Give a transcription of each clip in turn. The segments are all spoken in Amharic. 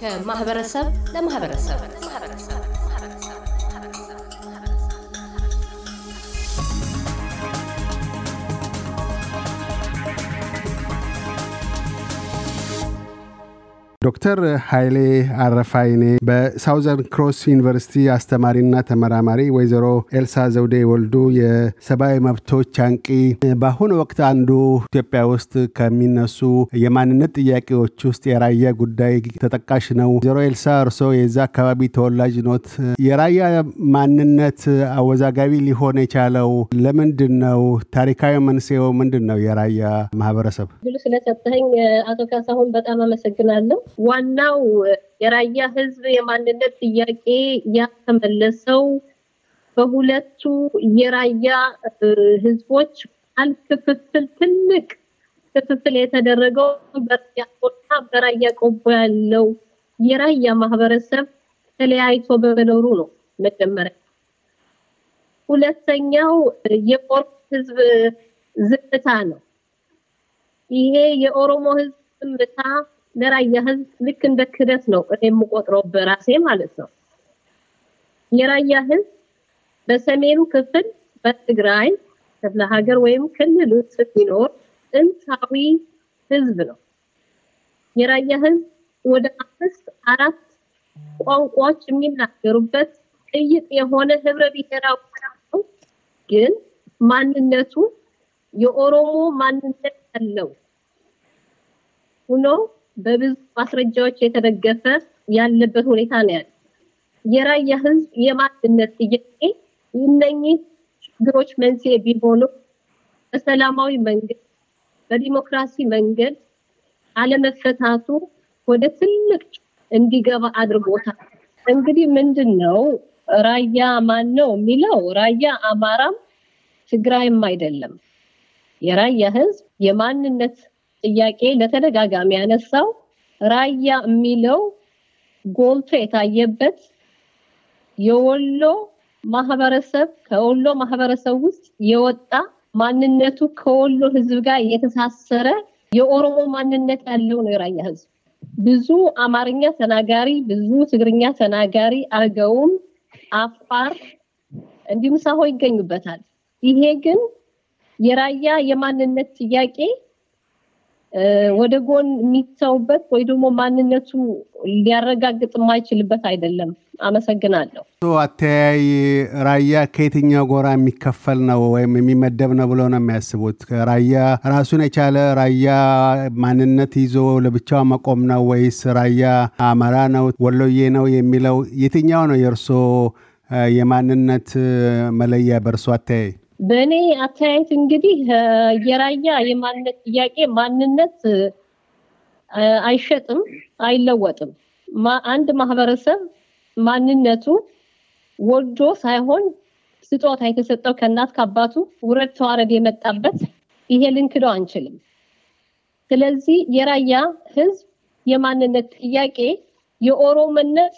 ከማህበረሰብ ለማህበረሰብ ዶክተር ኃይሌ አረፋይኔ በሳውዘርን ክሮስ ዩኒቨርሲቲ አስተማሪና ተመራማሪ፣ ወይዘሮ ኤልሳ ዘውዴ ወልዱ የሰብአዊ መብቶች አንቂ። በአሁኑ ወቅት አንዱ ኢትዮጵያ ውስጥ ከሚነሱ የማንነት ጥያቄዎች ውስጥ የራያ ጉዳይ ተጠቃሽ ነው። ወይዘሮ ኤልሳ እርሶ የዛ አካባቢ ተወላጅ ኖት። የራያ ማንነት አወዛጋቢ ሊሆን የቻለው ለምንድን ነው? ታሪካዊ መንስኤው ምንድን ነው? የራያ ማህበረሰብ ብሉ ስለሰጠኝ አቶ ካሳሁን በጣም አመሰግናለሁ። ዋናው የራያ ህዝብ የማንነት ጥያቄ ያተመለሰው በሁለቱ የራያ ህዝቦች አል ክፍፍል ትልቅ ክፍፍል የተደረገው በራያና በራያ ቆቦ ያለው የራያ ማህበረሰብ ተለያይቶ በመኖሩ ነው። መጀመሪያ ሁለተኛው የኦሮሞ ህዝብ ዝምታ ነው። ይሄ የኦሮሞ ህዝብ ዝምታ ለራያ ህዝብ ልክ እንደ ክደት ነው እኔ የምቆጥረው በራሴ ማለት ነው። የራያ ህዝብ በሰሜኑ ክፍል በትግራይ ክፍለ ሀገር ወይም ክልል ውስጥ ሲኖር ጥንታዊ ህዝብ ነው። የራያ ህዝብ ወደ አምስት አራት ቋንቋዎች የሚናገሩበት ቅይጥ የሆነ ህብረ ብሔራዊ ነው። ግን ማንነቱ የኦሮሞ ማንነት ያለው ሆኖ በብዙ ማስረጃዎች የተደገፈ ያለበት ሁኔታ ነው ያለ። የራያ ህዝብ የማንነት ጥያቄ እነኚህ ችግሮች መንስኤ ቢሆኑ በሰላማዊ መንገድ በዲሞክራሲ መንገድ አለመፈታቱ ወደ ትልቅ እንዲገባ አድርጎታል። እንግዲህ ምንድን ነው ራያ ማን ነው የሚለው ራያ አማራም ትግራይም አይደለም። የራያ ህዝብ የማንነት ጥያቄ ለተደጋጋሚ ያነሳው ራያ የሚለው ጎልቶ የታየበት የወሎ ማህበረሰብ ከወሎ ማህበረሰብ ውስጥ የወጣ ማንነቱ ከወሎ ህዝብ ጋር የተሳሰረ የኦሮሞ ማንነት ያለው ነው የራያ ህዝብ። ብዙ አማርኛ ተናጋሪ፣ ብዙ ትግርኛ ተናጋሪ፣ አገውም፣ አፋር እንዲሁም ሳሆ ይገኙበታል። ይሄ ግን የራያ የማንነት ጥያቄ ወደ ጎን የሚተውበት ወይ ደግሞ ማንነቱ ሊያረጋግጥ የማይችልበት አይደለም። አመሰግናለሁ። አተያይ ራያ ከየትኛው ጎራ የሚከፈል ነው ወይም የሚመደብ ነው ብሎ ነው የሚያስቡት? ራያ ራሱን የቻለ ራያ ማንነት ይዞ ለብቻው መቆም ነው ወይስ ራያ አማራ ነው፣ ወሎዬ ነው የሚለው የትኛው ነው የእርሶ የማንነት መለያ በእርሶ አተያይ? በእኔ አተያየት እንግዲህ የራያ የማንነት ጥያቄ ማንነት አይሸጥም፣ አይለወጥም። አንድ ማህበረሰብ ማንነቱ ወዶ ሳይሆን ስጦታ የተሰጠው ከእናት ከአባቱ ውረድ ተዋረድ የመጣበት ይሄ ልንክደው አንችልም። ስለዚህ የራያ ህዝብ የማንነት ጥያቄ የኦሮሞነት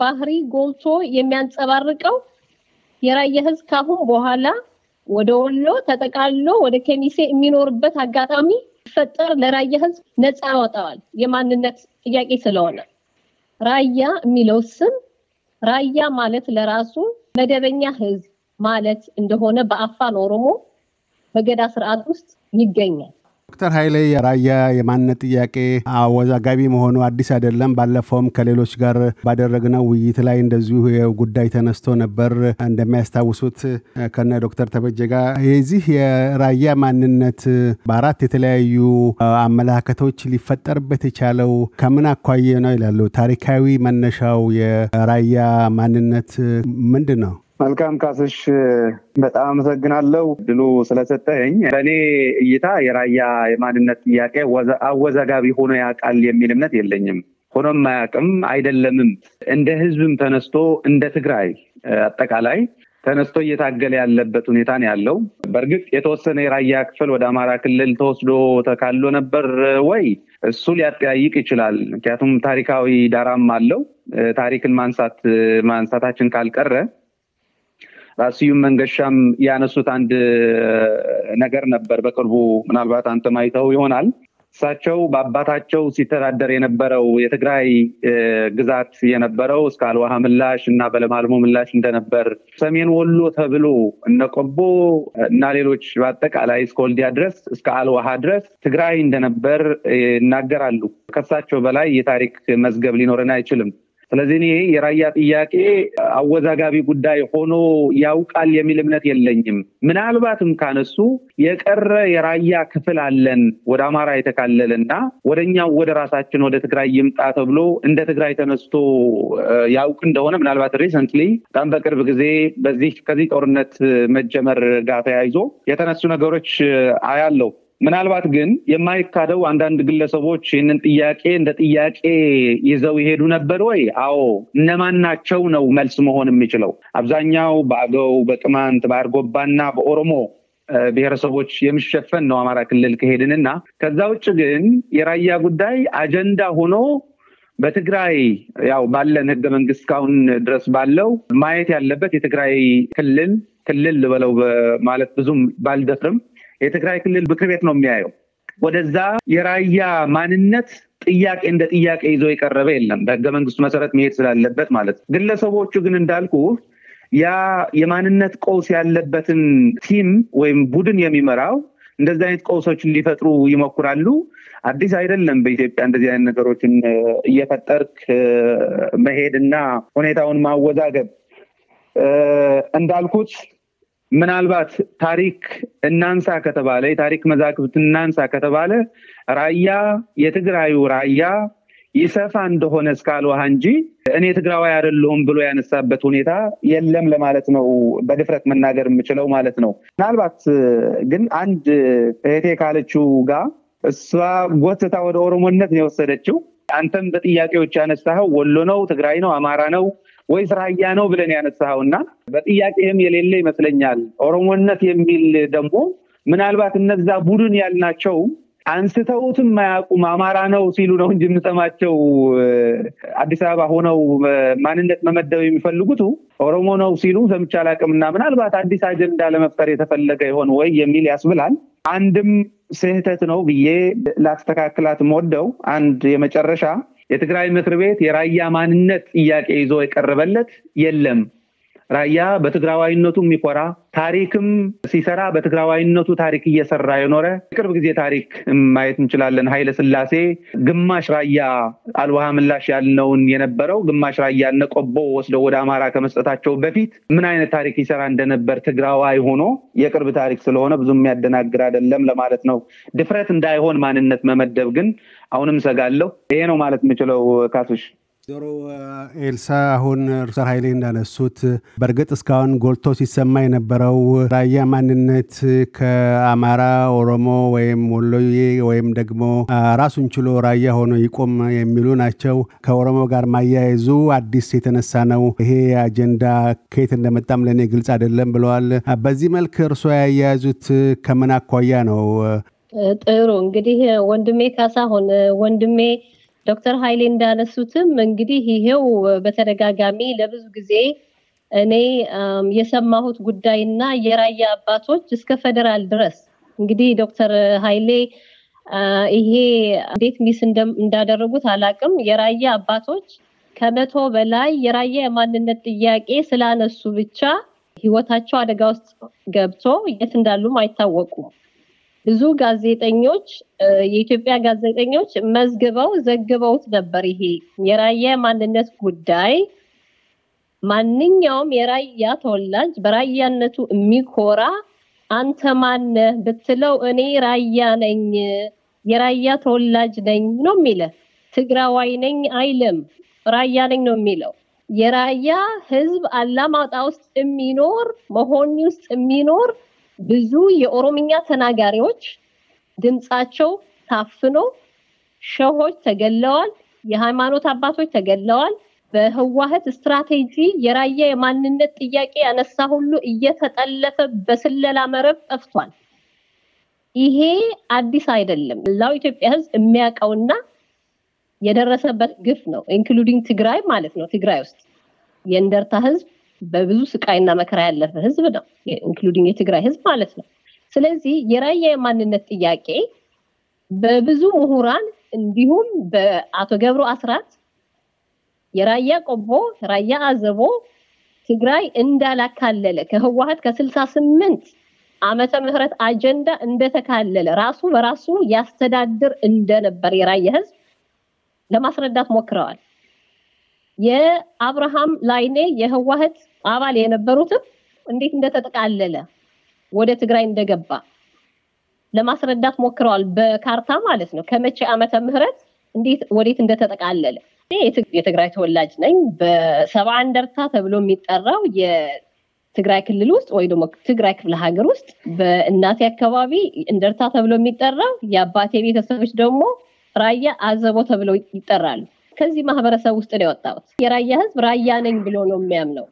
ባህሪ ጎልቶ የሚያንጸባርቀው የራያ ህዝብ ካሁን በኋላ ወደ ወሎ ተጠቃሎ ወደ ኬሚሴ የሚኖርበት አጋጣሚ ፈጠር ለራያ ህዝብ ነፃ ያወጣዋል። የማንነት ጥያቄ ስለሆነ ራያ የሚለው ስም ራያ ማለት ለራሱ መደበኛ ህዝብ ማለት እንደሆነ በአፋን ኦሮሞ በገዳ ስርዓት ውስጥ ይገኛል። ዶክተር ኃይሌ የራያ የማንነት ጥያቄ አወዛጋቢ መሆኑ አዲስ አይደለም። ባለፈውም ከሌሎች ጋር ባደረግነው ውይይት ላይ እንደዚሁ ጉዳይ ተነስቶ ነበር። እንደሚያስታውሱት ከነ ዶክተር ተበጀ ጋር የዚህ የራያ ማንነት በአራት የተለያዩ አመለካከቶች ሊፈጠርበት የቻለው ከምን አኳየ ነው ይላሉ። ታሪካዊ መነሻው የራያ ማንነት ምንድን ነው? መልካም ካስሽ፣ በጣም አመሰግናለሁ ድሉ ስለሰጠኝ። በእኔ እይታ የራያ የማንነት ጥያቄ አወዛጋቢ ሆኖ ያውቃል የሚል እምነት የለኝም። ሆኖም አያውቅም አይደለምም። እንደ ህዝብም ተነስቶ እንደ ትግራይ አጠቃላይ ተነስቶ እየታገለ ያለበት ሁኔታ ነው ያለው። በእርግጥ የተወሰነ የራያ ክፍል ወደ አማራ ክልል ተወስዶ ተካሎ ነበር ወይ? እሱ ሊያጠያይቅ ይችላል። ምክንያቱም ታሪካዊ ዳራም አለው። ታሪክን ማንሳት ማንሳታችን ካልቀረ ስዩም መንገሻም ያነሱት አንድ ነገር ነበር። በቅርቡ ምናልባት አንተ ማይተው ይሆናል። እሳቸው በአባታቸው ሲተዳደር የነበረው የትግራይ ግዛት የነበረው እስከ አልዋሃ ምላሽ እና በለማልሞ ምላሽ እንደነበር ሰሜን ወሎ ተብሎ እነ ቆቦ እና ሌሎች በአጠቃላይ እስከ ወልዲያ ድረስ እስከ አልዋሃ ድረስ ትግራይ እንደነበር ይናገራሉ። ከሳቸው በላይ የታሪክ መዝገብ ሊኖረን አይችልም። ስለዚህ እኔ የራያ ጥያቄ አወዛጋቢ ጉዳይ ሆኖ ያውቃል የሚል እምነት የለኝም። ምናልባትም ካነሱ የቀረ የራያ ክፍል አለን ወደ አማራ የተካለለና ወደኛው ወደ ራሳችን ወደ ትግራይ ይምጣ ተብሎ እንደ ትግራይ ተነስቶ ያውቅ እንደሆነ ምናልባት ሪሰንትሊ በጣም በቅርብ ጊዜ በዚህ ከዚህ ጦርነት መጀመር ጋር ተያይዞ የተነሱ ነገሮች አያለው። ምናልባት ግን የማይካደው አንዳንድ ግለሰቦች ይህንን ጥያቄ እንደ ጥያቄ ይዘው ይሄዱ ነበር ወይ? አዎ። እነማን ናቸው ነው መልስ መሆን የሚችለው። አብዛኛው በአገው በቅማንት በአርጎባና በኦሮሞ ብሔረሰቦች የሚሸፈን ነው አማራ ክልል ከሄድንና ከዛ ውጭ ግን የራያ ጉዳይ አጀንዳ ሆኖ በትግራይ ያው ባለን ህገ መንግስት ካሁን ድረስ ባለው ማየት ያለበት የትግራይ ክልል ክልል በለው ማለት ብዙም ባልደፍርም የትግራይ ክልል ምክር ቤት ነው የሚያየው። ወደዛ የራያ ማንነት ጥያቄ እንደ ጥያቄ ይዞ የቀረበ የለም። በህገ መንግስቱ መሰረት መሄድ ስላለበት ማለት ነው። ግለሰቦቹ ግን እንዳልኩ ያ የማንነት ቀውስ ያለበትን ቲም ወይም ቡድን የሚመራው እንደዚህ አይነት ቀውሶችን ሊፈጥሩ ይሞክራሉ። አዲስ አይደለም። በኢትዮጵያ እንደዚህ አይነት ነገሮችን እየፈጠርክ መሄድና ሁኔታውን ማወዛገብ እንዳልኩት ምናልባት ታሪክ እናንሳ ከተባለ የታሪክ መዛግብት እናንሳ ከተባለ ራያ የትግራዩ ራያ ይሰፋ እንደሆነ እስካልዋሃ እንጂ እኔ ትግራዋ አይደለሁም ብሎ ያነሳበት ሁኔታ የለም ለማለት ነው በድፍረት መናገር የምችለው ማለት ነው። ምናልባት ግን አንድ እህቴ ካለችው ጋር እሷ ጎትታ ወደ ኦሮሞነት ነው የወሰደችው። አንተም በጥያቄዎች ያነሳኸው ወሎ ነው፣ ትግራይ ነው፣ አማራ ነው ወይስ ራያ ነው ብለን ያነሳውና በጥያቄህም የሌለ ይመስለኛል። ኦሮሞነት የሚል ደግሞ ምናልባት እነዛ ቡድን ያልናቸው አንስተውትም ማያውቁም አማራ ነው ሲሉ ነው እንጂ የምሰማቸው አዲስ አበባ ሆነው ማንነት መመደብ የሚፈልጉት ኦሮሞ ነው ሲሉ ሰምቼ አላውቅምና ምናልባት አዲስ አጀንዳ ለመፍጠር የተፈለገ ይሆን ወይ የሚል ያስብላል። አንድም ስህተት ነው ብዬ ላስተካክላት የምወደው አንድ የመጨረሻ የትግራይ ምክር ቤት የራያ ማንነት ጥያቄ ይዞ የቀረበለት የለም ራያ በትግራዋይነቱ የሚኮራ ታሪክም ሲሰራ በትግራዋይነቱ ታሪክ እየሰራ የኖረ የቅርብ ጊዜ ታሪክ ማየት እንችላለን። ኃይለ ስላሴ ግማሽ ራያ አልዋሃ ምላሽ ያልነውን የነበረው ግማሽ ራያ ነቆቦ ወስደው ወደ አማራ ከመስጠታቸው በፊት ምን አይነት ታሪክ ይሰራ እንደነበር ትግራዋይ ሆኖ የቅርብ ታሪክ ስለሆነ ብዙ የሚያደናግር አይደለም ለማለት ነው። ድፍረት እንዳይሆን ማንነት መመደብ ግን አሁንም ሰጋለሁ። ይሄ ነው ማለት የምችለው ካሱሽ ዶሮ ኤልሳ አሁን ሩሰር ኃይሌ እንዳነሱት በእርግጥ እስካሁን ጎልቶ ሲሰማ የነበረው ራያ ማንነት ከአማራ፣ ኦሮሞ ወይም ወሎዬ ወይም ደግሞ ራሱን ችሎ ራያ ሆኖ ይቆም የሚሉ ናቸው። ከኦሮሞ ጋር ማያይዙ አዲስ የተነሳ ነው። ይሄ አጀንዳ ከየት እንደመጣም ለእኔ ግልጽ አይደለም ብለዋል። በዚህ መልክ እርሶ ያያያዙት ከምን አኳያ ነው? ጥሩ እንግዲህ ወንድሜ ካሳሁን ወንድሜ ዶክተር ሀይሌ እንዳነሱትም እንግዲህ ይሄው በተደጋጋሚ ለብዙ ጊዜ እኔ የሰማሁት ጉዳይና የራያ አባቶች እስከ ፌደራል ድረስ እንግዲህ ዶክተር ኃይሌ ይሄ እንዴት ሚስ እንዳደረጉት አላቅም። የራያ አባቶች ከመቶ በላይ የራያ የማንነት ጥያቄ ስላነሱ ብቻ ህይወታቸው አደጋ ውስጥ ገብቶ የት እንዳሉም አይታወቁም። ብዙ ጋዜጠኞች የኢትዮጵያ ጋዜጠኞች መዝግበው ዘግበውት ነበር። ይሄ የራያ ማንነት ጉዳይ ማንኛውም የራያ ተወላጅ በራያነቱ የሚኮራ አንተ ማነህ ብትለው እኔ ራያ ነኝ፣ የራያ ተወላጅ ነኝ ነው የሚለ። ትግራዋይ ነኝ አይልም፣ ራያ ነኝ ነው የሚለው። የራያ ህዝብ አላማጣ ውስጥ የሚኖር መሆኒ ውስጥ የሚኖር ብዙ የኦሮምኛ ተናጋሪዎች ድምፃቸው ታፍኖ ሸሆች ተገለዋል። የሃይማኖት አባቶች ተገለዋል። በህዋህት ስትራቴጂ የራያ የማንነት ጥያቄ ያነሳ ሁሉ እየተጠለፈ በስለላ መረብ ጠፍቷል። ይሄ አዲስ አይደለም። ላው ኢትዮጵያ ህዝብ የሚያውቀውና የደረሰበት ግፍ ነው። ኢንክሉዲንግ ትግራይ ማለት ነው። ትግራይ ውስጥ የእንደርታ ህዝብ በብዙ ስቃይና መከራ ያለፈ ህዝብ ነው፣ ኢንክሉዲንግ የትግራይ ህዝብ ማለት ነው። ስለዚህ የራያ የማንነት ጥያቄ በብዙ ምሁራን እንዲሁም በአቶ ገብሩ አስራት የራያ ቆቦ፣ ራያ አዘቦ ትግራይ እንዳላካለለ ከህወሀት ከስልሳ ስምንት አመተ ምህረት አጀንዳ እንደተካለለ ራሱ በራሱ ያስተዳድር እንደነበር የራያ ህዝብ ለማስረዳት ሞክረዋል። የአብርሃም ላይኔ የህወሀት አባል የነበሩትም እንዴት እንደተጠቃለለ ወደ ትግራይ እንደገባ ለማስረዳት ሞክረዋል። በካርታ ማለት ነው። ከመቼ ዓመተ ምህረት እንዴት ወዴት እንደተጠቃለለ። የትግራይ ተወላጅ ነኝ። በሰብአ እንደርታ ተብሎ የሚጠራው የትግራይ ክልል ውስጥ ወይ ደግሞ ትግራይ ክፍለ ሀገር ውስጥ በእናቴ አካባቢ እንደርታ ተብሎ የሚጠራው የአባቴ ቤተሰቦች ደግሞ ራያ አዘቦ ተብለው ይጠራሉ። ከዚህ ማህበረሰብ ውስጥ ነው የወጣሁት። የራያ ህዝብ ራያ ነኝ ብሎ ነው የሚያምነው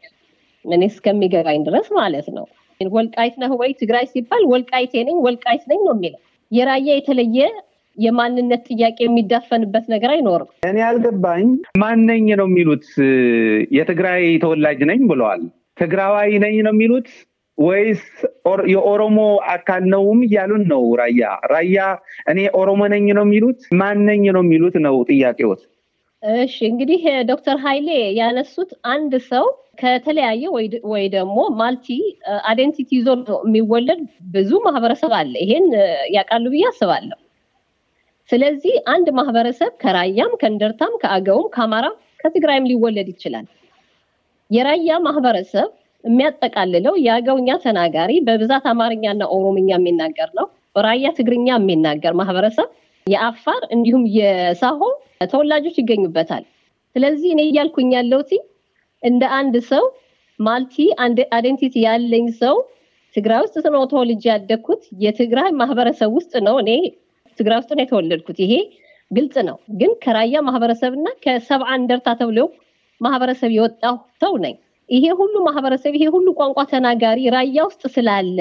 እኔ እስከሚገባኝ ድረስ ማለት ነው። ወልቃይት ነህ ወይ ትግራይ ሲባል ወልቃይቴ ነኝ ወልቃይት ነኝ ነው የሚለው። የራያ የተለየ የማንነት ጥያቄ የሚዳፈንበት ነገር አይኖርም። እኔ አልገባኝ ማነኝ ነው የሚሉት? የትግራይ ተወላጅ ነኝ ብለዋል። ትግራዋይ ነኝ ነው የሚሉት ወይስ የኦሮሞ አካል ነውም እያሉን ነው? ራያ ራያ እኔ ኦሮሞ ነኝ ነው የሚሉት? ማን ነኝ ነው የሚሉት ነው ጥያቄዎት እሺ እንግዲህ ዶክተር ሀይሌ ያነሱት አንድ ሰው ከተለያየ ወይ ደግሞ ማልቲ አይደንቲቲ ይዞ የሚወለድ ብዙ ማህበረሰብ አለ። ይሄን ያውቃሉ ብዬ አስባለሁ። ስለዚህ አንድ ማህበረሰብ ከራያም፣ ከእንደርታም፣ ከአገውም፣ ከአማራም፣ ከትግራይም ሊወለድ ይችላል። የራያ ማህበረሰብ የሚያጠቃልለው የአገውኛ ተናጋሪ በብዛት አማርኛና ኦሮምኛ የሚናገር ነው። ራያ ትግርኛ የሚናገር ማህበረሰብ፣ የአፋር እንዲሁም የሳሆ ተወላጆች ይገኙበታል። ስለዚህ እኔ እያልኩኝ ያለሁት እንደ አንድ ሰው ማልቲ አይደንቲቲ ያለኝ ሰው ትግራይ ውስጥ ነው ተወልጄ ያደግኩት። የትግራይ ማህበረሰብ ውስጥ ነው እኔ ትግራይ ውስጥ ነው የተወለድኩት። ይሄ ግልጽ ነው። ግን ከራያ ማህበረሰብ እና ከሰብአ እንደርታ ተብሎ ማህበረሰብ የወጣው ሰው ነኝ። ይሄ ሁሉ ማህበረሰብ ይሄ ሁሉ ቋንቋ ተናጋሪ ራያ ውስጥ ስላለ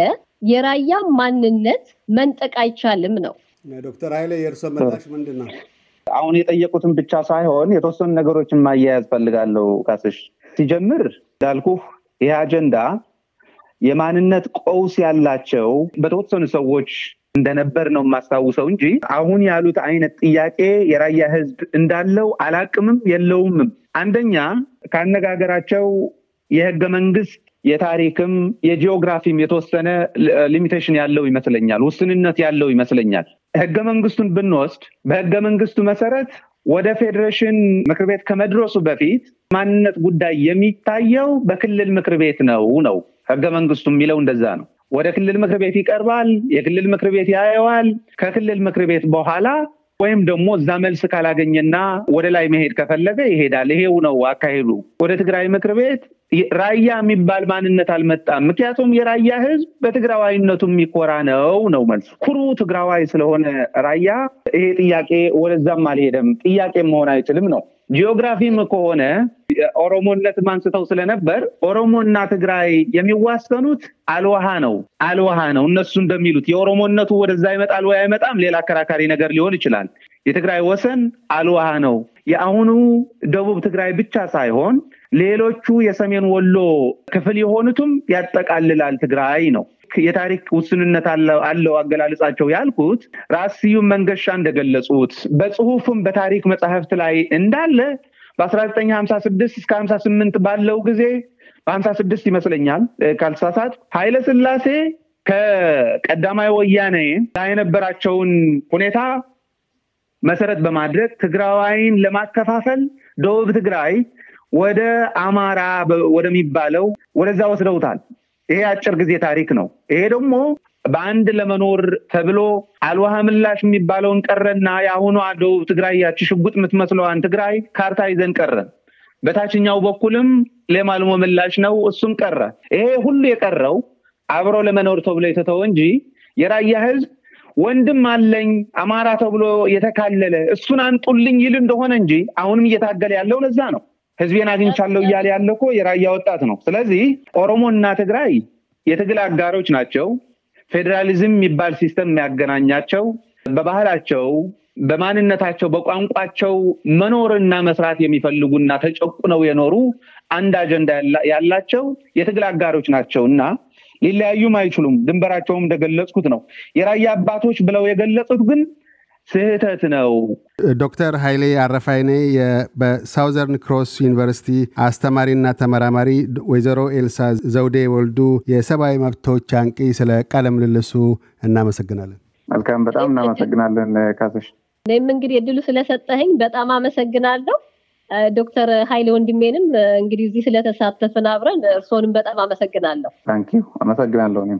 የራያ ማንነት መንጠቅ አይቻልም ነው። ዶክተር ኃይሌ የእርሶ መላሽ ምንድን ነው? አሁን የጠየቁትን ብቻ ሳይሆን የተወሰኑ ነገሮችን ማያያዝ ፈልጋለሁ። ካስሽ ሲጀምር እንዳልኩህ ይህ አጀንዳ የማንነት ቀውስ ያላቸው በተወሰኑ ሰዎች እንደነበር ነው የማስታውሰው እንጂ አሁን ያሉት አይነት ጥያቄ የራያ ህዝብ እንዳለው አላቅምም የለውምም። አንደኛ ካነጋገራቸው የህገ መንግስት የታሪክም የጂኦግራፊም የተወሰነ ሊሚቴሽን ያለው ይመስለኛል፣ ውስንነት ያለው ይመስለኛል። ህገ መንግስቱን ብንወስድ በህገ መንግስቱ መሰረት ወደ ፌዴሬሽን ምክር ቤት ከመድረሱ በፊት ማንነት ጉዳይ የሚታየው በክልል ምክር ቤት ነው ነው ህገ መንግስቱ የሚለው እንደዛ ነው። ወደ ክልል ምክር ቤት ይቀርባል። የክልል ምክር ቤት ያየዋል። ከክልል ምክር ቤት በኋላ ወይም ደግሞ እዛ መልስ ካላገኘና ወደ ላይ መሄድ ከፈለገ ይሄዳል። ይሄው ነው አካሄዱ። ወደ ትግራይ ምክር ቤት ራያ የሚባል ማንነት አልመጣም። ምክንያቱም የራያ ህዝብ በትግራዋይነቱ የሚኮራ ነው ነው መልሱ። ኩሩ ትግራዋይ ስለሆነ ራያ ይሄ ጥያቄ ወደዛም አልሄደም፣ ጥያቄ መሆን አይችልም ነው ጂኦግራፊም ከሆነ ኦሮሞነትም አንስተው ስለነበር ኦሮሞና ትግራይ የሚዋሰኑት አልዋሃ ነው አልዋሃ ነው እነሱ እንደሚሉት የኦሮሞነቱ ወደዛ ይመጣል ወይ አይመጣም ሌላ አከራካሪ ነገር ሊሆን ይችላል የትግራይ ወሰን አልዋሃ ነው የአሁኑ ደቡብ ትግራይ ብቻ ሳይሆን ሌሎቹ የሰሜን ወሎ ክፍል የሆኑትም ያጠቃልላል ትግራይ ነው የታሪክ ውስንነት አለው አገላለጻቸው ያልኩት ራስ ስዩም መንገሻ እንደገለጹት በጽሁፍም በታሪክ መጽሐፍት ላይ እንዳለ በ1956 እስከ 58 ባለው ጊዜ በ56 ይመስለኛል ካልሳሳት ኃይለ ስላሴ ከቀዳማዊ ወያኔ ላይ የነበራቸውን ሁኔታ መሰረት በማድረግ ትግራዋይን ለማከፋፈል ደቡብ ትግራይ ወደ አማራ ወደሚባለው ወደዛ ወስደውታል። ይሄ አጭር ጊዜ ታሪክ ነው። ይሄ ደግሞ በአንድ ለመኖር ተብሎ አልዋሃ ምላሽ የሚባለውን ቀረና የአሁኗ ደቡብ ትግራይ ያቺ ሽጉጥ የምትመስለዋን ትግራይ ካርታ ይዘን ቀረ በታችኛው በኩልም ለማልሞ ምላሽ ነው፣ እሱም ቀረ። ይሄ ሁሉ የቀረው አብሮ ለመኖር ተብሎ የተተው እንጂ የራያ ህዝብ ወንድም አለኝ አማራ ተብሎ የተካለለ እሱን አንጡልኝ ይል እንደሆነ እንጂ አሁንም እየታገለ ያለው ለዛ ነው። ህዝቤን አግኝቻለሁ እያለ ያለ እኮ የራያ ወጣት ነው። ስለዚህ ኦሮሞ እና ትግራይ የትግል አጋሮች ናቸው። ፌዴራሊዝም የሚባል ሲስተም የሚያገናኛቸው በባህላቸው፣ በማንነታቸው፣ በቋንቋቸው መኖርና መስራት የሚፈልጉና ተጨቁነው የኖሩ አንድ አጀንዳ ያላቸው የትግል አጋሮች ናቸው እና ሊለያዩም አይችሉም። ድንበራቸውም እንደገለጽኩት ነው። የራያ አባቶች ብለው የገለጹት ግን ስህተት ነው። ዶክተር ኃይሌ አረፋይኔ በሳውዘርን ክሮስ ዩኒቨርሲቲ አስተማሪና ተመራማሪ፣ ወይዘሮ ኤልሳ ዘውዴ ወልዱ የሰብአዊ መብቶች አንቂ፣ ስለ ቃለ ምልልሱ እናመሰግናለን። መልካም፣ በጣም እናመሰግናለን ካሶሽ። እኔም እንግዲህ እድሉ ስለሰጠኸኝ በጣም አመሰግናለሁ። ዶክተር ኃይሌ ወንድሜንም እንግዲህ እዚህ ስለተሳተፍን አብረን እርስዎንም በጣም አመሰግናለሁ። ታንኪዩ፣ አመሰግናለሁ እኔም